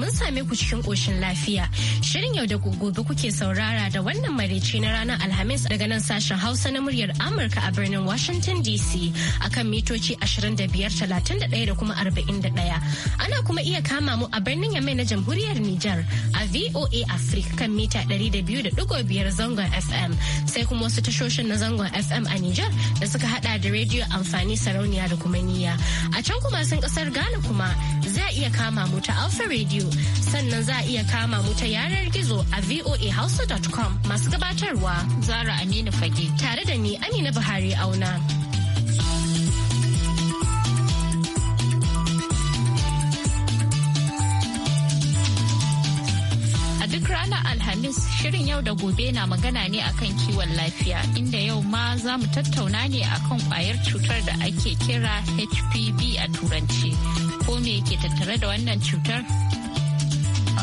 mun same ku cikin ƙoshin lafiya Shirin yau da gobe kuke saurara da wannan maraice na ranar Alhamis daga nan sashen Hausa na muryar Amurka a birnin Washington DC a kan mitoci 25,31 da kuma 41. Ana kuma iya kama mu a birnin Yamai na Jamhuriyar Nijar a VOA Africa kan mita 200.5 zangon FM sai kuma wasu tashoshin na zangon FM a Nijar da suka hada da rediyo amfani sarauniya da kuma niyya. A can kuma sun kasar Ghana kuma za a iya kama mu ta Alpha Radio sannan za a iya kama mu ta yanar gizo a voahausa.com masu gabatarwa zara aminu fage tare da ni amina buhari auna ranar Alhamis shirin yau da gobe na magana ne akan kiwon lafiya inda yau ma za mu tattauna ne akan kwayar cutar da ake kira HPV a turanci. Ko me ke tattare da wannan cutar?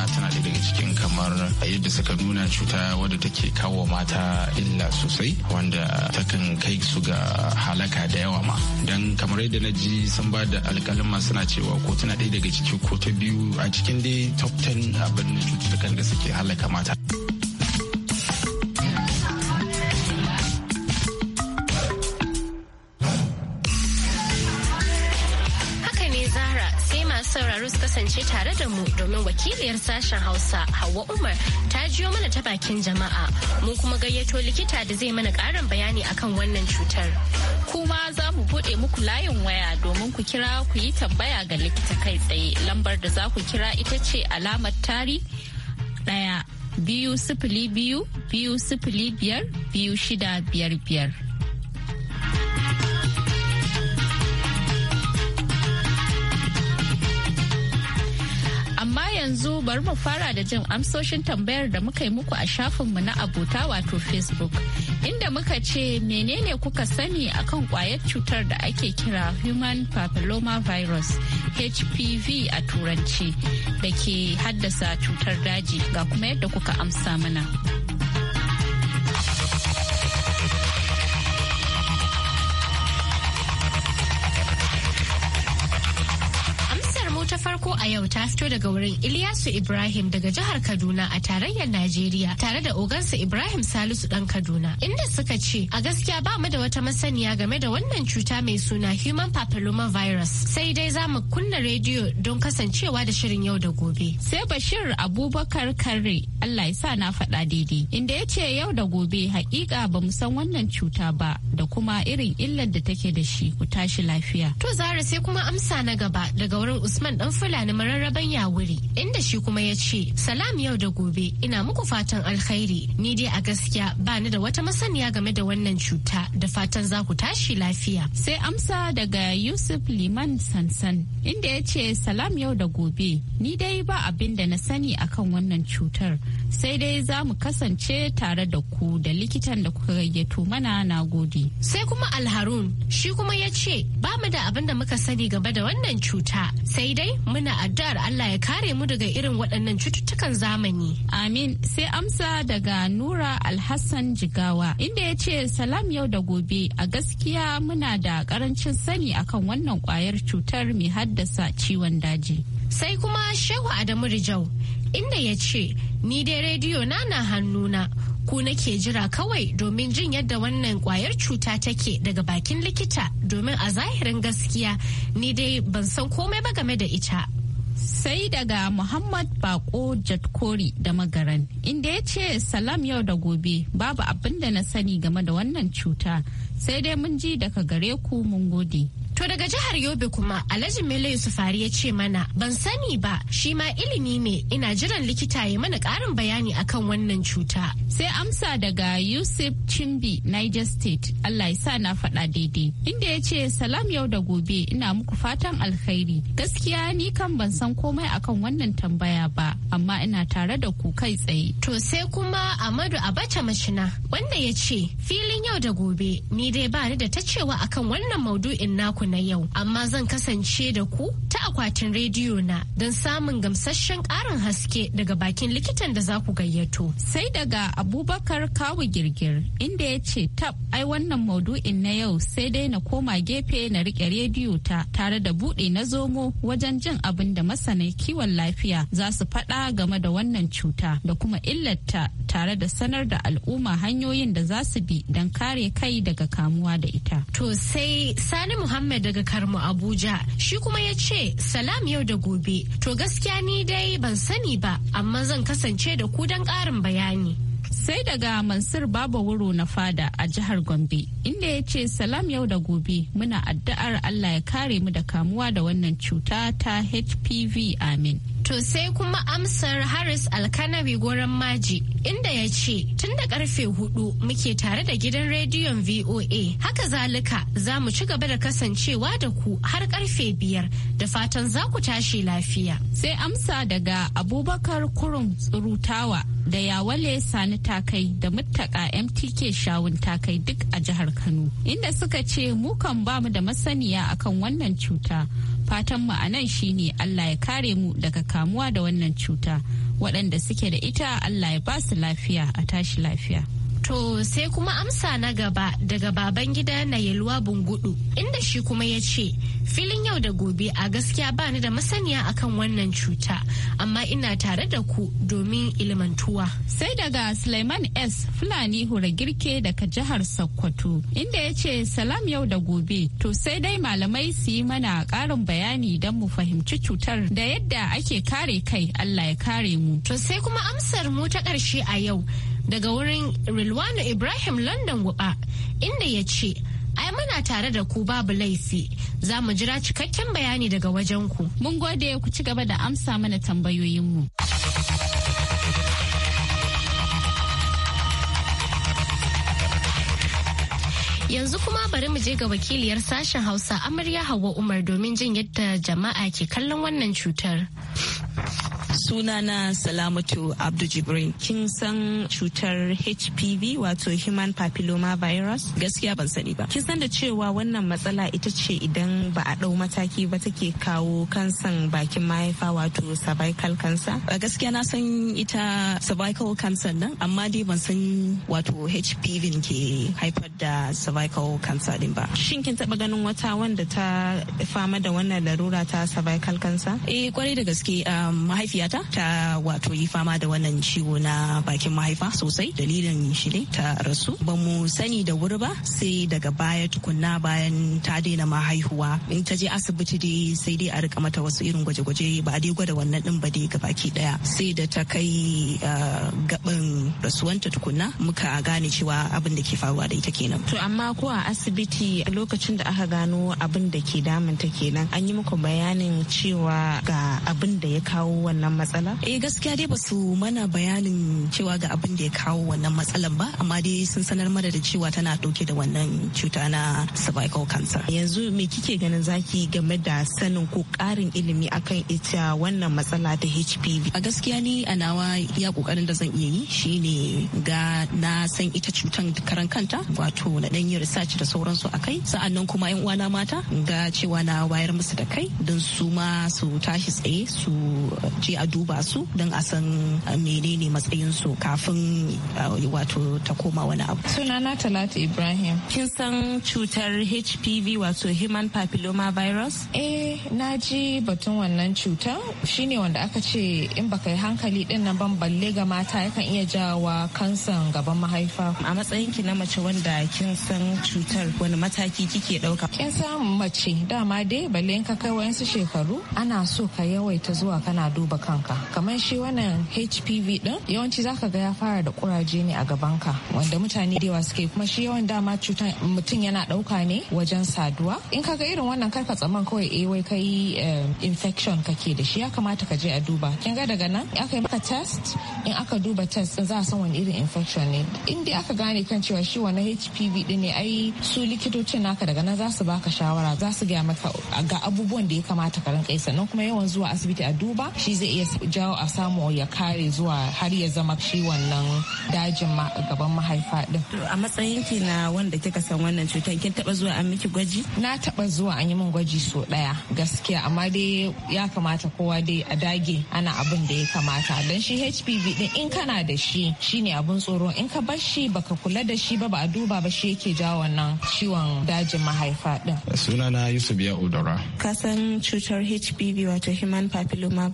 tana da daga cikin kamar yadda suka nuna cuta wadda take kawo mata illa sosai wanda takan kai su ga halaka da yawa ma don kamar yadda na ji sun ba da alƙalin suna cewa ko tana ɗaya daga ciki ko ta biyu a cikin dai top 10 abin cututtukan da suke halaka mata. sauraro su kasance tare da mu domin wakiliyar sashen Hausa Hauwa Umar ta jiyo mana ta bakin jama'a. Mun kuma gayyato likita da zai mana karin bayani akan wannan cutar. Kuma za mu buɗe muku layin waya domin ku kira ku yi tambaya ga likita kai tsaye. Lambar da za ku kira ita ce alamar tari daya biyu sifili biyu biyu sifili biyar biyu shida biyar biyar. yanzu bari mu fara da jin amsoshin tambayar da muka yi muku a shafinmu na abota wato Facebook. Inda muka ce menene kuka sani akan kwayar cutar da ake kira Human Papilloma Virus HPV a turanci da ke haddasa cutar daji ga kuma yadda kuka amsa mana. yau ta fito daga wurin Ilyasu Ibrahim daga jihar Kaduna a tarayyar Najeriya tare da ogansa Ibrahim Salisu dan Kaduna inda suka ce a gaskiya ba mu da wata masaniya game da wannan cuta mai suna Human Papilloma Virus sai dai za mu kunna rediyo don kasancewa da shirin yau da gobe. Sai Bashir Abubakar Kare Allah ya sa na faɗa daidai inda ya ce yau da gobe hakika ba mu san wannan cuta ba da kuma irin illar da take da shi ku tashi lafiya. To Zara sai kuma amsa na gaba daga wurin Usman dan Fulani mararraban ya wuri inda shi kuma ya ce salam yau da gobe ina muku fatan alkhairi ni dai a gaskiya ba ni da wata masaniya game da wannan cuta da fatan za ku tashi lafiya. Sai amsa daga Yusuf Liman Sansan inda ya ce salam yau da gobe ni dai ba abin da na sani akan wannan cutar sai dai za mu kasance tare da ku da likitan da kuka gayyato mana na gode. Sai kuma Alharun shi kuma ya ce ba mu da abin da muka sani game da wannan cuta sai dai muna a addu'ar Allah ya kare mu daga irin waɗannan cututtukan zamani. Amin sai amsa daga Nura Alhassan Jigawa inda ya ce salam yau da gobe a gaskiya muna da karancin sani akan wannan kwayar cutar mai haddasa ciwon daji. Sai kuma Shehu Adamu Rijau inda ya ce ni dai rediyo na na hannuna ku nake jira kawai domin jin yadda wannan kwayar cuta take daga bakin likita domin a zahirin gaskiya ni dai ban san komai ba game da ita sai daga muhammad bako jatkori da magaran inda ya ce salam yau da gobe babu abin da na sani game da wannan cuta sai dai mun ji daga gare ku mun gode To daga jihar Yobe kuma Alhaji Mele Yusufari ya ce mana ban sani ba shi ma ilimi ne ina jiran likita ya mana karin bayani akan wannan cuta. Sai amsa daga Yusuf Chimbi Niger State Allah ya sa na faɗa daidai. Inda ya ce salam yau da gobe ina muku fatan alkhairi. Gaskiya ni kan ban san komai akan wannan tambaya ba amma ina tare da ku kai tsaye. To sai kuma Amadu Abacha Mashina wanda ya ce filin yau da gobe ni dai ba ni da ta cewa akan wannan maudu'in naku na yau amma zan kasance da ku ta akwatin rediyo na don samun gamsasshen ƙarin haske daga bakin likitan da za ku gayyato. Sai daga Abubakar Kawu Girgir inda ya ce tab ai wannan maudu'in na yau sai dai na koma gefe na rike rediyo ta tare da buɗe na zomo wajen jin abin da masana kiwon lafiya za su faɗa game da wannan cuta da kuma illarta tare da sanar da al'umma hanyoyin da za su bi don kare kai daga kamuwa da ita. To sai Sani Muhammad Muhammad daga Karmu Abuja. Shi kuma ya ce, Salam yau da gobe. To gaskiya ni dai ban sani ba, amma zan kasance da ku don ƙarin bayani. Sai daga Mansur Baba Wuro na fada a jihar Gombe, inda ya ce salam yau da gobe muna addu'ar Allah ya kare mu da kamuwa da wannan cuta ta HPV amin. To sai kuma amsar Haris Alkanabi goron maji inda ya ce tun da karfe hudu muke tare da gidan rediyon VOA. Haka zalika za mu ci gaba da kasancewa da ku har karfe biyar da fatan za ku tashi lafiya. Sai amsa daga Abubakar Kurum Tsurutawa da Yawale Sani Takai da Muttaka MTK Shawun Takai duk a jihar Kano. Inda suka ce mu kan bamu da masaniya akan wannan cuta. Fatan mu a nan shine Allah ya kare mu daga kamuwa da wannan cuta. Waɗanda suke da ita Allah ya ba su lafiya a tashi lafiya. To sai kuma amsa na gaba daga baban gida na yalwa bungudu inda shi kuma ya ce filin yau da gobe a gaskiya ba ni da masaniya akan wannan cuta amma ina tare da ku domin ilmantuwa. Sai daga Suleiman S Fulani hura girke daga jihar Sokoto inda ya ce salam yau da gobe to sai dai malamai su yi mana karin bayani don mu fahimci cutar da yadda ake kare kai Allah ya kare mu. To sai kuma amsar mu ta ƙarshe a yau daga wurin Rilwano Ibrahim London Guba inda ya ce, ai muna tare da ku babu laifi za mu jira cikakken bayani daga wajen ku. Mun gode ku ci gaba da amsa mana tambayoyinmu. Yanzu kuma bari mu je ga wakiliyar sashen Hausa Amarya Hauwa Umar domin jin yadda jama'a ke kallon wannan cutar. sunana salamatu abdu jibrin kin san cutar hpv wato human papilloma virus gaskiya ban sani ba kin san da cewa wannan matsala ita ce idan ba a dau mataki ba take kawo kansan bakin mahaifa wato cervical cancer a gaskiya na san ita cervical cancer nan amma dai ban san wato hpv ke haifar da cervical cancer din ba shin kin taba ganin wata wanda ta fama da wannan larura ta cervical cancer eh kwarai da gaske um, mahaifiyata ita ta wato yi fama da wannan ciwo na bakin mahaifa sosai dalilin shi ne ta rasu ba mu sani da wuri ba sai daga baya tukunna bayan ta daina mahaihuwa in ta je asibiti dai sai dai a rika mata wasu irin gwaje-gwaje ba a dai gwada wannan din ba dai baki daya sai da ta kai gaban rasuwanta tukunna muka gane cewa abin da ke faruwa da ita kenan to amma ko a asibiti lokacin da aka gano abin da ke ta kenan an yi muku bayanin cewa ga abin ya kawo wannan matsala? Eh gaskiya dai basu mana bayanin cewa ga abin da ya kawo wannan matsalan ba amma dai sun sanar mana da cewa tana dauke da wannan cuta na cervical cancer. Yanzu me kike ganin zaki game da sanin ko karin ilimi akan ita wannan matsala ta HPV? A gaskiya ni a nawa ya kokarin da zan iya yi shine ga na san ita cutan karan kanta wato na dan yi research da sauransu a akai sa'annan kuma yan uwana mata ga cewa na wayar musu da kai don su ma su tashi tsaye su je a duba su don a san uh, menene matsayin su kafin uh, wato ta koma wani abu. Sunana Talatu Ibrahim. Kin san cutar HPV wato human papilloma virus? Eh, na ji batun wannan cutar shine wanda aka ce in baka yi hankali din nan ban balle ga mata yakan iya jawa kansan gaban mahaifa. A matsayin ki na mace wanda kin san cutar wani mataki kike ɗauka. Kin san mace dama dai balle in ka kai wayansu shekaru ana so ka yawaita zuwa kana duba kanka kamar shi wannan hpv din yawanci zaka ga ya fara da kuraje ne a gaban ka wanda mutane da yawa suke kuma shi yawan dama cutan mutum yana dauka ne wajen saduwa in kaga irin wannan karka tsaman kawai eh wai kai eh, infection kake da shi ya kamata ka je a duba kin ga daga nan aka yi maka test in aka duba test za a san wani irin infection ne in dai aka gane kan cewa shi wannan hpv din ne ai su likitocin naka daga nan za su baka shawara za su gaya maka ga abubuwan da ya kamata ka rinka yi sannan kuma yawan zuwa asibiti a duba duba shi zai iya jawo a samu ya kare zuwa har ya zama shi wannan dajin gaban mahaifa din. A matsayin ki na wanda kika san wannan cutar kin taba zuwa an miki gwaji? Na taba zuwa an yi min gwaji so daya gaskiya amma dai ya kamata kowa dai a dage ana abin da ya kamata dan shi HPV din in kana da shi shine abun tsoro in ka bar shi baka kula da shi ba ba a duba ba shi yake jawo wannan ciwon dajin mahaifa din. Sunana Yusuf ya Udara. Ka san cutar HPV wato human papilloma ma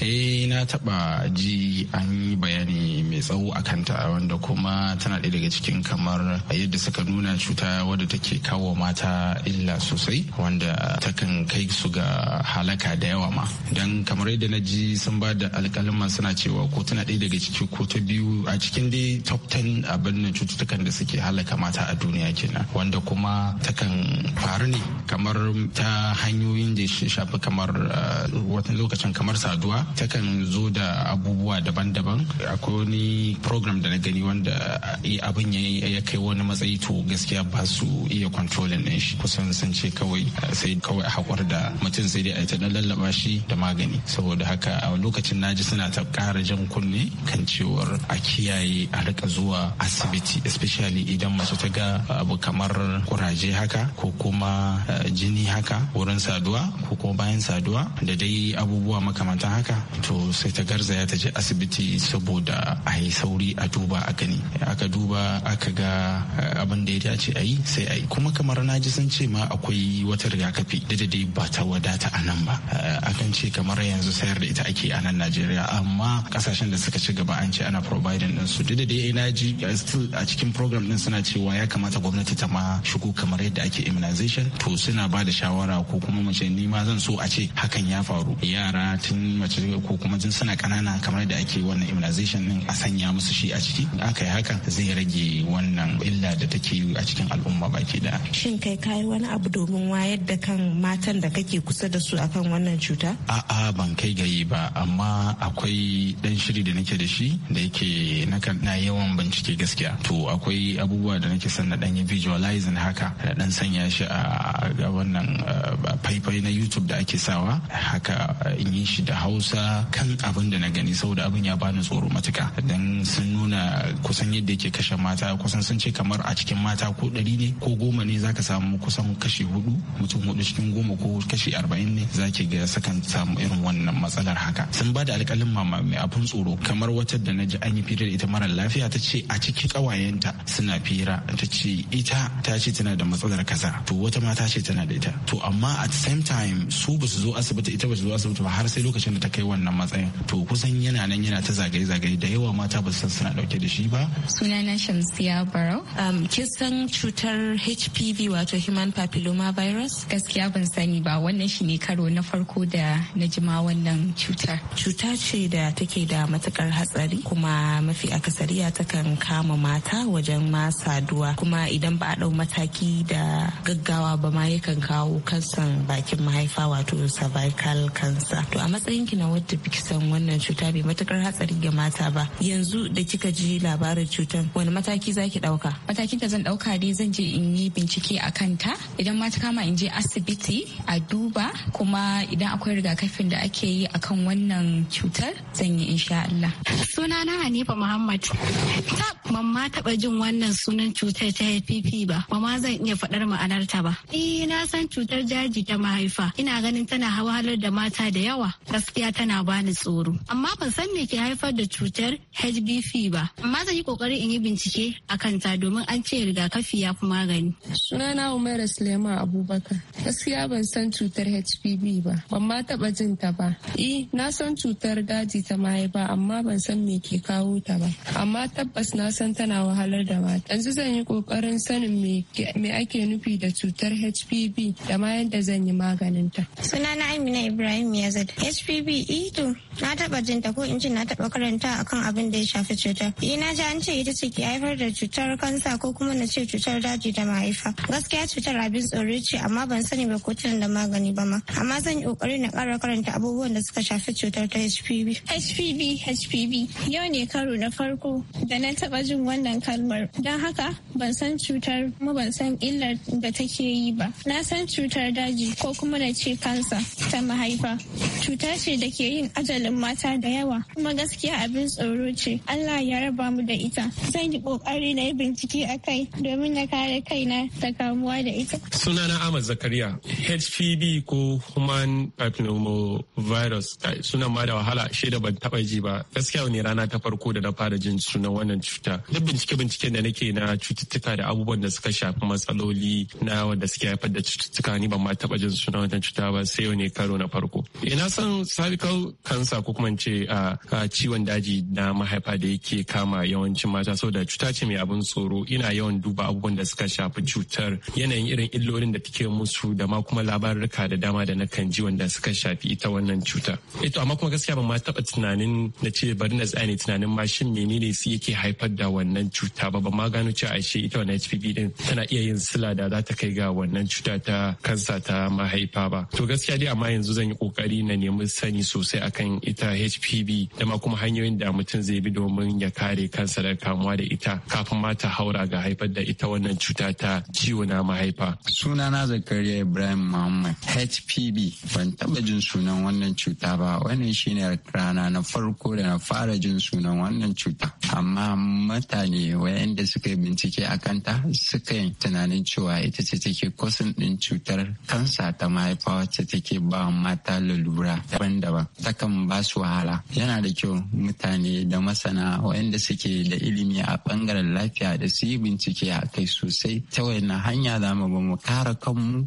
Eh na taba ji an yi bayani mai tsawo a kanta wanda kuma tana ɗaya daga cikin kamar yadda suka nuna cuta wadda take kawo mata illa sosai wanda takan kai su ga halaka da yawa ma. Don kamar yadda na ji sun ba da alƙalima suna cewa ko tana ɗaya daga ciki ko ta biyu a cikin dai top 10 abin nan cututtukan da suke halaka mata a duniya kenan wanda kuma takan faru ne kamar ta hanyoyin da shafi kamar eh, wata lokacin kan kamar saduwa takan zo da abubuwa daban-daban akwai wani program da na gani wanda eh, abin ya kai wani matsayi to gaskiya ba su iya controlling din shi kusan sun ce kawai eh, sai kawai haƙwar da mutum sai dai a ta dan lallaba shi da magani saboda haka a lokacin naji suna ta ƙara jan kunne kan cewar a kiyaye a rika zuwa asibiti especially idan masu ta ga abu kamar kuraje haka ko kuma eh, jini haka wurin saduwa ko kuma bayan saduwa da dai abubuwa abubuwa makamantan haka to sai ta garzaya ta je asibiti saboda a yi sauri a duba a gani aka duba aka ga eh, abin da ya dace a yi sai a yi kuma kamar na ji sun ce ma akwai wata rigakafi da dai ba ta wadata a nan ba eh, akan ce kamar yanzu sayar da ita ake a nan najeriya amma kasashen da suka ci gaba an ce ana providing din su da dai na ji eh, still a cikin program din suna cewa ya kamata gwamnati ta ma shigo kamar yadda ake immunization to suna ba da shawara ko kuma mace ni ma zan so a ce hakan ya faru yara yara tun mace ko kuma jin suna ƙanana kamar da ake wannan immunization din a sanya musu shi a ciki aka yi haka zai rage wannan illa da take yi a cikin al'umma baki da shin kai kayi wani abu domin wayar da kan matan da kake kusa da su akan wannan cuta a'a ban kai gayi ba amma akwai dan shiri da nake da shi da yake nakan na yawan bincike gaskiya to akwai abubuwa da nake son na dan yi visualizing haka da dan sanya shi a wannan faifai na YouTube da ake sawa haka yi shi da hausa kan abin da na gani saboda abin ya bani tsoro matuka dan sun nuna kusan yadda yake kashe mata kusan sun ce kamar a cikin mata ko ɗari ne ko goma ne zaka samu kusan kashi hudu mutum hudu cikin goma ko kashi arba'in ne zaki ga sakan samu irin wannan matsalar haka sun ba da alƙalin mama mai abin tsoro kamar wata da na ji an yi fira da ita mara lafiya ta ce a cikin ƙawayenta suna fira ta ce ita ta ce tana da matsalar kaza to wata ma ta ce tana da ita to amma at same time su ba su zo asibiti ita ba su zo asibiti ba har sai lokacin da ta kai wannan matsayin to kusan yana nan yana ta zagaye-zagaye da yawa mata ba san suna dauke da shi ba sunana shamsiya barau um, kisan cutar hpv wato human papilloma virus gaskiya ban sani ba wannan shi ne karo na farko da na jima wannan cutar cuta ce da take da matukar hatsari kuma mafi akasariya takan kama mata wajen ma saduwa kuma idan ba a dau mataki da gaggawa ba ma yakan kawo kansan bakin mahaifa wato cervical cancer to a matsayin ki na wadda biki san wannan cuta bai matukar hatsari ga mata ba yanzu da kika ji labarin cutar wani mataki zaki dauka matakin da zan dauka dai zan je in yi bincike a kanta idan ma kama in je asibiti a duba kuma idan akwai rigakafin da ake yi akan wannan cutar zan yi insha Allah sunana Hanifa Muhammad tab mamma jin wannan sunan cutar ta HPV ba mamma zan iya faɗar ma'anarta ba eh na san cutar jaji ta mahaifa ina ganin tana halar da mata da yawa yawa gaskiya tana bani tsoro amma ban san me ke haifar da cutar HBV ba amma zan yi kokari in yi bincike a kanta domin an ce rigakafi ya fi magani sunana Umaru Suleiman Abubakar gaskiya ban san cutar HPV ba ban ma taba jin ta ba eh na san cutar daji ta mahaifa amma ban san me ke kawo ta ba amma tabbas na san tana wahalar da mata yanzu zan yi kokarin sanin me ake nufi da cutar HPV da ma yadda zan yi maganin ta sunana Amina Ibrahim ya HPV ito e na taba jinta ko in ce na taba karanta akan abin da ya shafi cutar. Eh na ji an ce ita ce ke haifar da cutar kansa ko kuma na ce cutar daji da mahaifa. Gaskiya cutar abin tsoro ce amma ban sani ba ko da magani ba ma. Amma zan yi kokari na ƙara karanta abubuwan da suka shafi cutar ta HPV. HPV HPV yau ne karo na farko da na taba jin wannan kalmar. Don haka ban san cutar kuma ban san illar da take yi ba. Na san cutar daji ko kuma na ce kansa ta mahaifa. cuta ce da ke yin ajalin mata da yawa kuma gaskiya abin tsoro ce Allah ya raba mu da ita zan yi kokari na yi bincike a kai domin na kare kaina da kamuwa da ita Suna na Ahmad Zakariya HPV ko human papillomavirus suna ma da wahala shi da ban taba ji ba gaskiya ne rana ta farko da na fara jin sunan wannan cuta duk bincike binciken da nake na cututtuka da abubuwan da suka shafi matsaloli na wanda suke haifar da cututtuka ni ban ma taba jin sunan wannan cuta ba sai yau ne karo na farko na san cervical cancer ko kuma ce a ciwon daji na mahaifa da yake kama yawancin mata saboda cuta ce mai abin tsoro ina yawan duba abubuwan da suka shafi cutar yanayin irin illolin da take musu da ma kuma labarurka da dama da na kan ji wanda suka shafi ita wannan cuta. Ito eh amma kuma gaskiya ban ma taba tunanin na ce bari na tsaya ne tunanin ma shin menene su yake haifar da wannan cuta ba ban ma gano cewa ashe ita wannan HPV din tana iya yin sila da za ta kai ga wannan cuta ta kansa ta mahaifa ba. To gaskiya dai amma yanzu zan yi kokari na nemi sani sosai akan ita hpv da ma kuma hanyoyin da mutum zai bi domin ya kare kansa daga kamuwa da ita kafin ma ta haura ga haifar da ita wannan cuta ta ciwo na mahaifa sunana zakariya ibrahim muhammad hpv ban taba jin sunan wannan cuta ba wannan shine rana na farko da na fara jin sunan wannan cuta amma mutane wayanda suka yi bincike a kanta suka yi tunanin cewa ita ce take kosin din cutar kansa ta mahaifa wacce take ba mata lalura dubura daban-daban takan ba su wahala yana da kyau mutane da masana waɗanda suke da ilimi a ɓangaren lafiya da su yi bincike a kai sosai ta wannan hanya za mu ba mu kare kanmu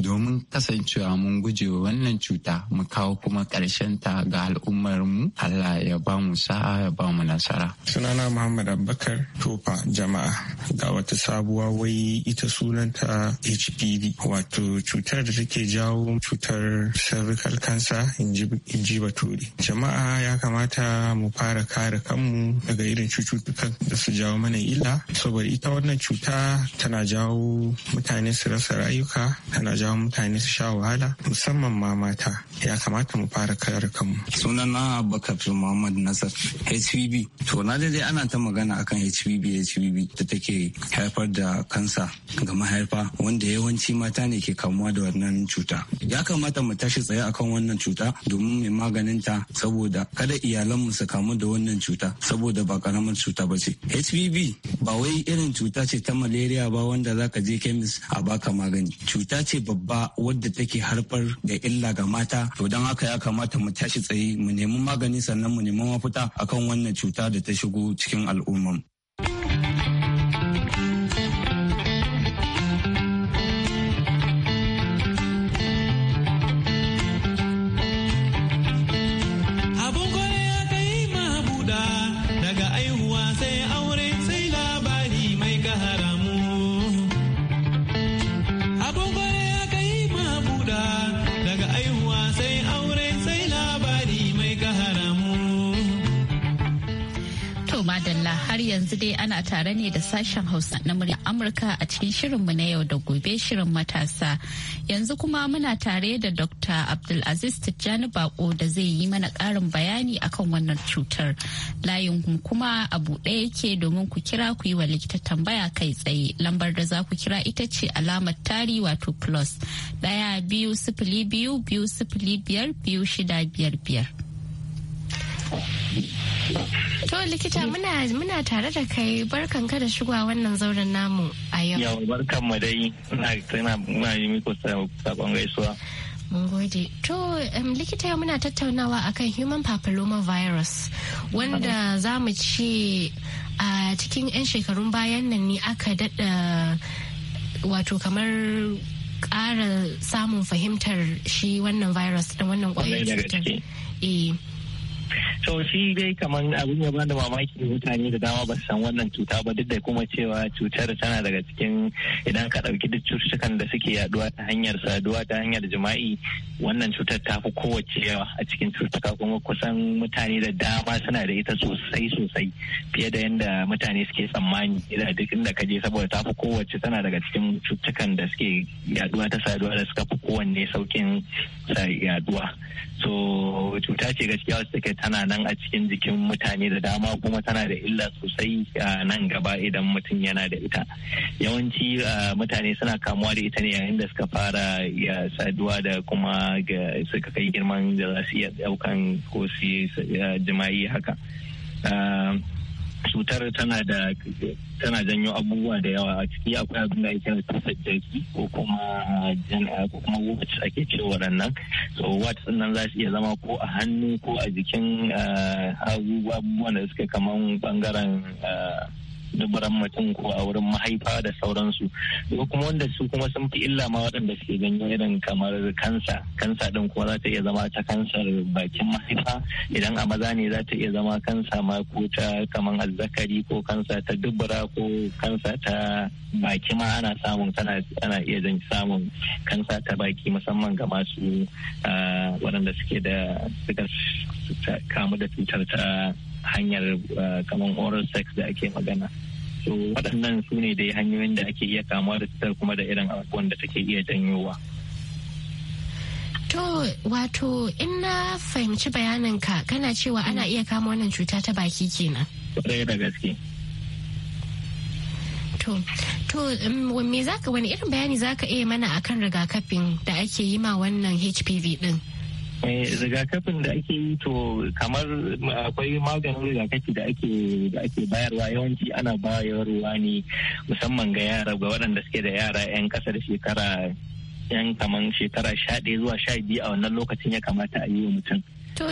domin kasancewa mun guje wa wannan cuta mu kawo kuma ƙarshen ta ga al'ummar mu Allah ya ba mu sa'a ya ba mu nasara sunana Muhammad Abubakar tofa jama'a ga wata sabuwa wai ita sunanta HPV wato cutar da take jawo cutar cervical cancer ƙasa in ji baturi jama'a ya kamata mu fara kare kanmu daga irin cututtukan da su jawo mana illa saboda ita wannan cuta tana jawo mutane su rasa rayuka tana jawo mutane su sha wahala musamman ma mata ya kamata mu fara kare kanmu sunan abubakar muhammad nasar hpv to na dai ana ta magana akan hpv hpv da take haifar da kansa ga mahaifa wanda yawanci mata ne ke kamuwa da wannan cuta ya kamata mu tashi tsaye akan wannan cuta domin mai maganin ta saboda kada iyalan mu su kamu da wannan cuta saboda ba karamar cuta ba ce hpv ba wai irin cuta ce ta malaria ba wanda zaka je kemis a baka magani cuta ce babba wadda take harfar da illa ga mata to don haka ya kamata mu tashi tsaye mu nemi magani sannan mu nemi mafita akan wannan cuta da ta shigo cikin al'ummar tare ne da sashen Hausa na murya Amurka a cikin shirinmu na yau da gobe shirin matasa. Yanzu kuma muna tare da Dr. Abdulaziz Tijjani Bako da zai yi mana ƙarin bayani akan wannan cutar. Layin kuma a buɗe yake domin ku kira ku yi wa likita tambaya kai tsaye. Lambar da za ku kira ita ce alamar tari wato plus. Ɗaya biyu sifili biyu biyu sifili biyar biyu shida biyar biyar. To likita muna muna tare da kai barkan ka da shigowa wannan zauren namu a yau. Yau barkan mu dai ina tana muna yi muku sabon gaisuwa. Mun gode. To um, likita yau muna tattaunawa akan human papilloma virus wanda za mu ce a cikin 'yan shekarun bayan nan ne aka daɗa wato kamar ƙara samun fahimtar shi wannan virus da wannan ƙwayar cutar. to shi dai kamar abin ya bada mamaki mutane da dama ba su san wannan cuta ba duk da kuma cewa cutar tana daga cikin idan ka ɗauki duk cututtukan da suke yaduwa ta hanyar saduwa ta hanyar jima'i wannan cutar ta fi kowace yawa a cikin cututtuka kuma kusan mutane da dama suna da ita sosai sosai fiye da yadda mutane suke tsammani idan duk inda ka je saboda ta fi kowace tana daga cikin cututtukan da suke yaduwa ta saduwa da suka fi kowanne saukin yaduwa so cuta ce gaskiya wasu take tana nan a cikin jikin mutane da dama kuma tana da illa sosai a nan gaba idan mutum yana da ita yawanci mutane suna kamuwa da ita ne yayin da suka fara ya saduwa da kuma suka kai girman da za su iya daukan ko su jima'i haka cutar tana da tana janyo abubuwa da yawa a ciki akwai abin da ake da jaki ko kuma ko kuma wacce ake ce waɗannan so sun nan za su iya zama ko a hannu ko a jikin eh, abubuwan da suke kaman bangaren eh, dubaran mutum ko a wurin mahaifa da sauransu ko kuma wanda su kuma sun fi illa ma waɗanda suke ganyo irin kamar kansa kansa ɗin kuma za ta iya zama ta kansar bakin mahaifa idan a maza ne za ta iya zama kansa ma ko ta kamar azzakari ko kansa ta dubura ko kansa ta baki ma ana samun ana iya zan samun kansa ta baki musamman ga masu ah, waɗanda suke da suka kamu da cutar ta hanyar eh, kamar oral sex da ake magana so waɗannan su ne dai hanyoyin da ake iya kamuwa da cutar kuma da irin abubuwan da take iya janyowa To wato in na fahimci bayaninka kana cewa ana iya kama wannan cuta ta baki kenan. Kwarai da gaske. To, um, me zaka wani irin bayani zaka iya mana akan rigakafin da ake yi ma wannan HPV din? Eh, rigakafin da ake yi to kamar mm, akwai maganin rigakafi da ake da ake bayarwa yawanci ana bayarwa ne musamman ga yara ga waɗanda suke da yara 'yan ƙasa da shekara yan kaman shekara sha ɗaya zuwa sha biyu a wannan lokacin ya kamata a yi wa mutum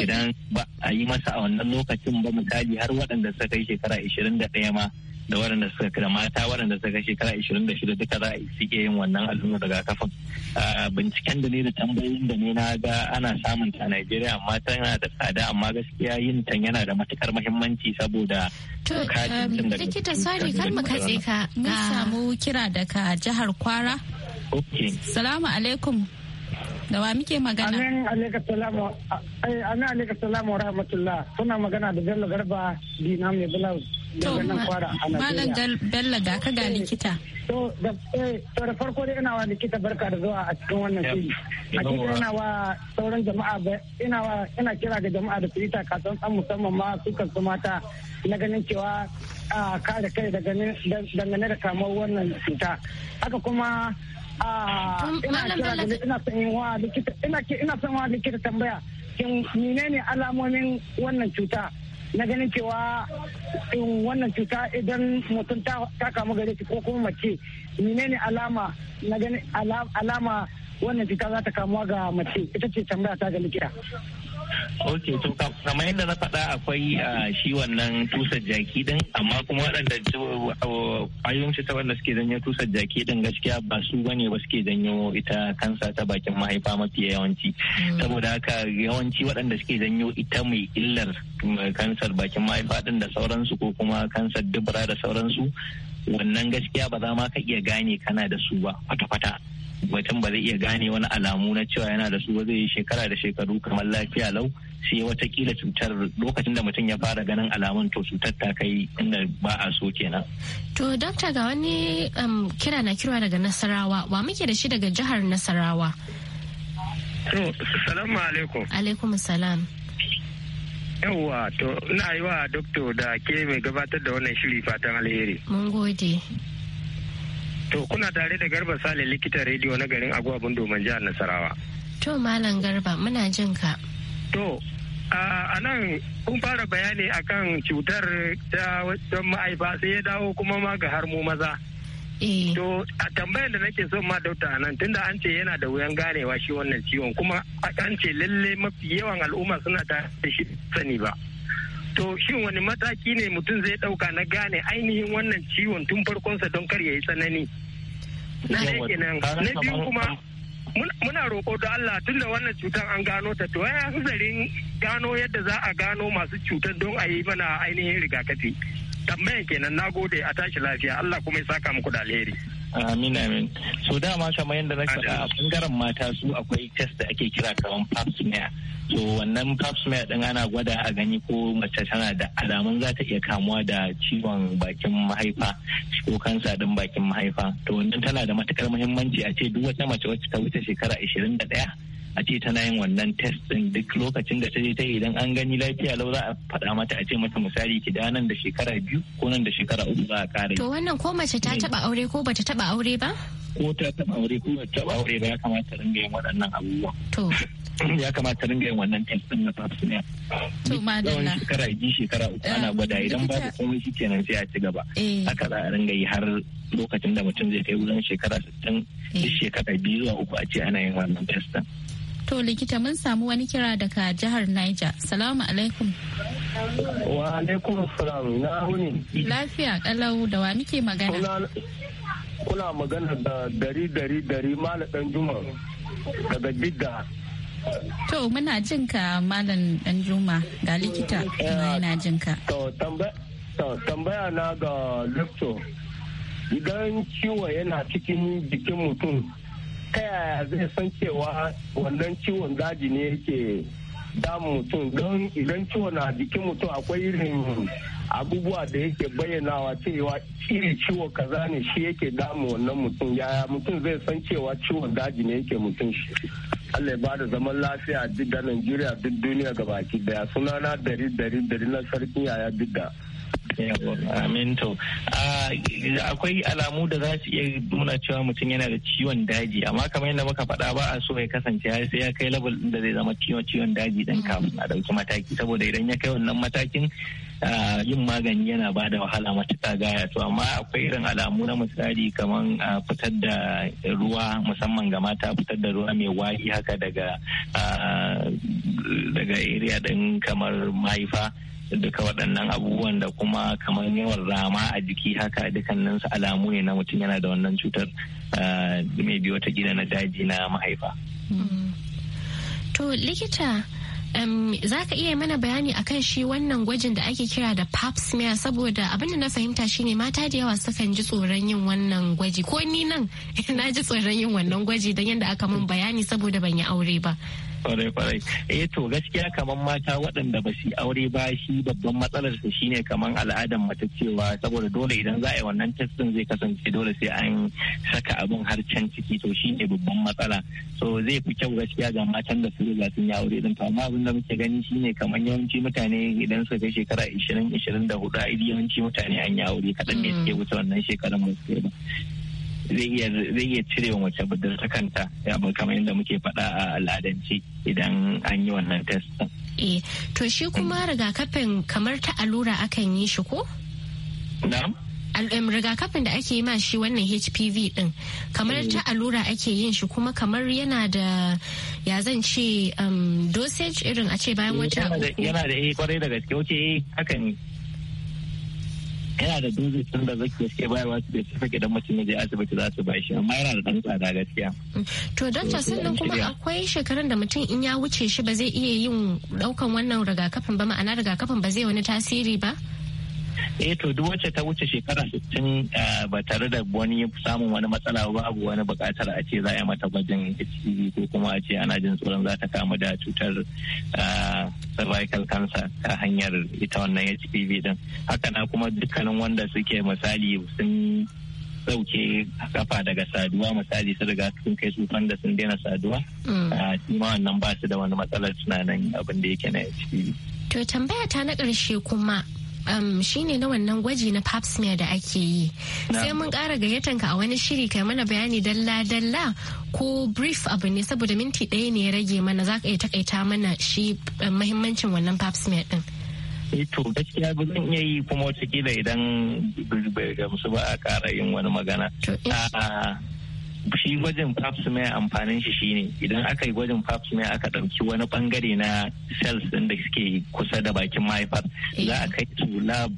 idan ba a yi masa a wannan lokacin ba misali har waɗanda suka yi shekara ishirin da ɗaya ma da waɗanda suka kira mata waɗanda suka kai shekara 26 duka za a suke yin wannan allurar kafin binciken da ne da tambayoyin da ne na ga ana samun ta a Najeriya amma tana da tsada amma gaskiya yin ta yana da matukar muhimmanci saboda to um, likita sorry kar mu katse ka mun samu kira daga jihar Kwara Salamu alaikum Da wa muke magana? Amin alaikar salamu, eh, amin alaikar salamu rahmatullah. Suna magana da Bello Garba Dina mai Blouse. To, Malam Bello ga ka ga eh, likita. Eh, to, da farko dai ina wa likita barka da zuwa a cikin wannan shiri. A cikin ina wa sauran jama'a ina wa ina kira ga jama'a da fita ka san san musamman ma su su mata na ganin cewa kare kai dangane da kamar wannan cuta. Haka kuma Ah, ina son wa likita tambaya shin menene alamomin wannan cuta na ganin cewa wannan cuta idan mutum ta kamu gare shi ko kuma mace menene alama na ganin alama wannan cuta za ta kamuwa ga mace ita ce tambaya ta ga likita ok to kamar yadda na faɗa akwai ah, shi wannan tusar jaki din amma kuma waɗanda ah, ƙwayoyin cuta wanda suke janyo tusar jaki din gaskiya ba su bane ba suke janyo ita kansa ta bakin mahaifa mafi yawanci hmm. saboda haka yawanci waɗanda suke janyo ita mai illar mm, kansar bakin mahaifa din da sauransu ko kuma kansar dubura da sauransu wannan gaskiya ba za ma ka iya gane kana da su ba kwata-kwata mutum ba zai iya gane wani alamu na cewa yana da su ba zai yi shekara da shekaru kamar lafiya lau sai watakila cutar lokacin da mutum ya fara ganin alamun to cutar ta kai inda ba a so kenan. To dokta ga wani um, kira na kirwa daga Nasarawa wa muke da shi daga jihar Nasarawa. To salamu alaikum. Alaikum salam. Yawwa to ina yi wa dokto da ke mai gabatar da wannan shiri fatan alheri. Mun gode. To kuna tare da Garba Sale likitan rediyo na garin abun Domin jihar Nasarawa. To Malam Garba muna jin ka. To a nan kun fara bayani akan cutar ta wajen ma'aifa sai ya dawo kuma ma ga harmu maza. Eh. To a tambayar da nake son ma dauta nan tunda an ce yana da wuyan ganewa shi wannan ciwon kuma an ce lalle mafi yawan al'umma suna ta shi sani ba. to shin wani mataki ne mutum zai ɗauka na gane ainihin wannan ciwon tun farkonsa don kar ya yi tsanani na nan na biyu kuma muna roƙo da Allah tun da wannan cutar an gano ta to ya zarin gano yadda za a gano masu cutar don a yi mana ainihin rigakafi tambayan kenan na gode a tashi lafiya Allah kuma ya saka muku da alheri Amin amin. So dama kamar yadda na faɗa a bangaren mata su akwai test da ake kira kamar pap smear. So wannan pap smear din ana gwada a gani ko mace tana da alamun za ta iya kamuwa da ciwon bakin mahaifa ko kansa din bakin mahaifa. To wannan tana da matukar muhimmanci a ce duk wata mace wacce ta wuce shekara da ɗaya a ce tana yin wannan test din duk lokacin da ta je ta idan an gani lafiya lau za a faɗa mata a ce mata misali ki da nan da shekara biyu ko nan da shekara uku za a kare. To wannan ko mace ta taba aure ko bata taba aure ba? Ko ta taba aure ko bata taba aure ba ya kamata ringa yin waɗannan abubuwa. To ya kamata ringa yin wannan test na pap smear. To madalla. shekara biyu shekara uku ana eh, gwada idan babu komai shi kenan sai a ci gaba. Eh. Haka za a ringa yi har lokacin da mutum zai kai wurin shekara sittin duk eh. shekara biyu zuwa uku a ce ana yin wannan test To likita mun samu wani kira daga jihar Niger. Salamu alaikum. Wa alaikum salam na wuni. Lafiya kalau da wa muke magana. Kuna magana da dari dari dari dan juma daga bidda. To muna jin ka malam dan juma ga likita eh, ina jin ka. To tambaya na ga lecto idan ciwo yana cikin jikin mutum ta yaya zai san cewa wannan ciwon daji ne yake damun mutum don idan ciwon a jikin mutum akwai irin abubuwa da yake bayyanawa cewa iri ciwo kaza ne shi yake damu wannan mutum yaya mutum zai san cewa ciwon daji ne yake mutum shi Allah ya ba zaman lafiya duk da Najeriya duk duniya gabaki daya sunana dari dari dari na sarkin yaya duk da aminto ah, akwai alamu da za su iya nuna cewa mutum yana da ciwon daji amma kamar yadda muka faɗa ba a so ya kasance har sai ya kai level da zai zama ciwon daji din kafin a ɗauki mataki saboda idan ya kai wannan matakin ah, yin magani yana ba da wahala matuƙa gaya yato amma akwai irin alamu na misali kamar ah, fitar da ruwa musamman ga mata fitar da ruwa mai wari haka daga daga area din kamar mahaifa duka waɗannan abubuwan da kuma kamar yawan rama a jiki haka dukkanin su alamu ne na mutum yana da wannan cutar eh, mai biyo ta gida na daji na mahaifa. Mm. To likita um, za ka iya mana bayani akan shi wannan gwajin da ake kira da pap smear saboda abinda na fahimta shine mata da yawa sukan ji tsoron yin wannan gwaji ko ni nan na ji tsoron yin wannan gwaji don yadda aka mun bayani saboda ban yi aure ba. kwarai kwarai eh to gaskiya kamar mata waɗanda ba su aure ba shi babban matsalar su shine kamar al'adan mata cewa saboda dole idan za a yi wannan testin zai kasance dole sai an saka abin har can ciki to shine babban matsala so zai fi kyau gaskiya ga matan da su sun yi aure din to amma abin da muke gani shine kamar yawanci mutane idan suka kai shekara 20 24 yawanci mutane an yi aure kaɗan ne suke mm. wuce wannan shekarun mu ba zai iya cire wa mace budurta kanta ya kamar yadda muke faɗa a al'adance idan an yi wannan test. Eh, to shi kuma rigakafin kamar ta allura akan yi shi ko? Na'am. rigakafin da ake yi ma shi wannan hpv din kamar eh. ta allura ake yin shi kuma kamar yana da ya zan ce dosage irin a ce bayan eh, wata yana da eh kwarai da gaske wuce hakan yana da dozi tun da zaki suke wa su da sufake idan mutum ya je asibiti za su bashi amma yana da dan tsada gaskiya. To dokta sannan kuma akwai shekarun da mutum in ya wuce shi ba zai iya yin daukan wannan rigakafin ba ma'ana rigakafin ba zai wani tasiri ba? eh to duk wacce ta wuce shekara sittin eh, ba tare da wani samun wani matsala ba babu wani bukatar a ce za a yi mata gwajin HPV ko kuma a ce ana jin tsoron za ta kamu da cutar eh, cervical cancer ta hanyar ita wannan HPV din haka na kuma dukkanin wanda suke misali sun sauke kafa daga saduwa misali su riga sun kai tsufan da sun daina saduwa a mm. eh, ma wannan ba su da wani matsalar tunanin abin da yake na HPV. To tambaya ta na ƙarshe kuma um, shine na wannan gwaji na pap smear da ake yi sai mun ƙara gayyatan ka a wani shiri kai mana bayani dalla dalla ko brief abu ne saboda minti ɗaya ne ya rage mana za ka iya takaita mana shi eh, mahimmancin wannan pap smear din eh gaskiya ba zan iya yi kuma kila idan bai musu ba a kara yin wani magana shi gwajin pap smear amfanin shi shine idan aka yi gwajin pap smear aka ɗauki wani bangare na cells ɗin da suke kusa da bakin mahaifar eh. za a kai su lab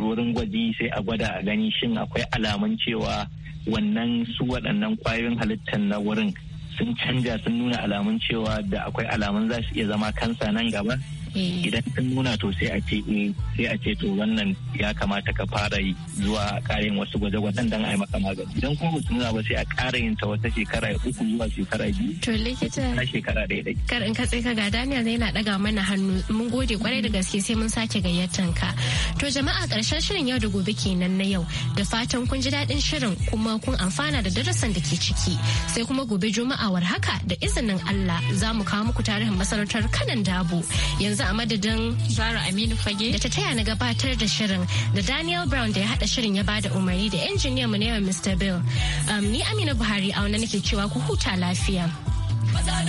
wurin gwaji sai a gwada a gani shin akwai alamun cewa wannan su waɗannan kwayoyin halittar na wurin sun canja sun nuna alamun cewa da akwai alamun za su iya zama kansa nan gaba Eh. idan sun nuna to sai a ce eh, sai a ce to wannan ya kamata ka fara yi zuwa karin wasu gwaje-gwajen dan yi maka magani idan kuma su nuna ba sai a ƙara yin ta wata shekara uku zuwa shekara biyu to likita na shekara ɗaya ɗaya kar in ka ka ga Daniel yana daga mana hannu mun gode kwarai da gaske sai mun sake gayyatar ka to jama'a ƙarshen shirin yau da gobe kenan na yau da fatan kun ji daɗin shirin kuma kun amfana da darasin da ke ciki sai kuma gobe juma'a war haka da izinin Allah za mu kawo muku tarihin masarautar kanan dabo yanzu yanzu a madadin Zara Aminu Fage da ta taya na gabatar da shirin da Daniel Brown da ya haɗa shirin ya bada umarni da injiniya mu newa yau Mr. Bill. Um, ni Aminu Buhari auna nake cewa ku huta lafiya. Maza